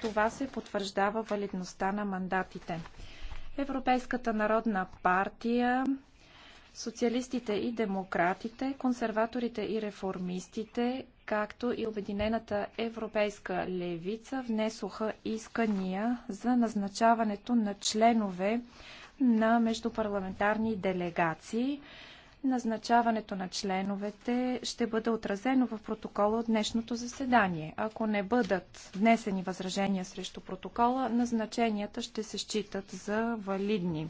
това се потвърждава валидността на мандатите. Европейската народна партия, социалистите и демократите, консерваторите и реформистите, както и Обединената европейска левица внесоха искания за назначаването на членове на междупарламентарни делегации. Назначаването на членовете ще бъде отразено в протокола от днешното заседание. Ако не бъдат внесени възражения срещу протокола, назначенията ще се считат за валидни.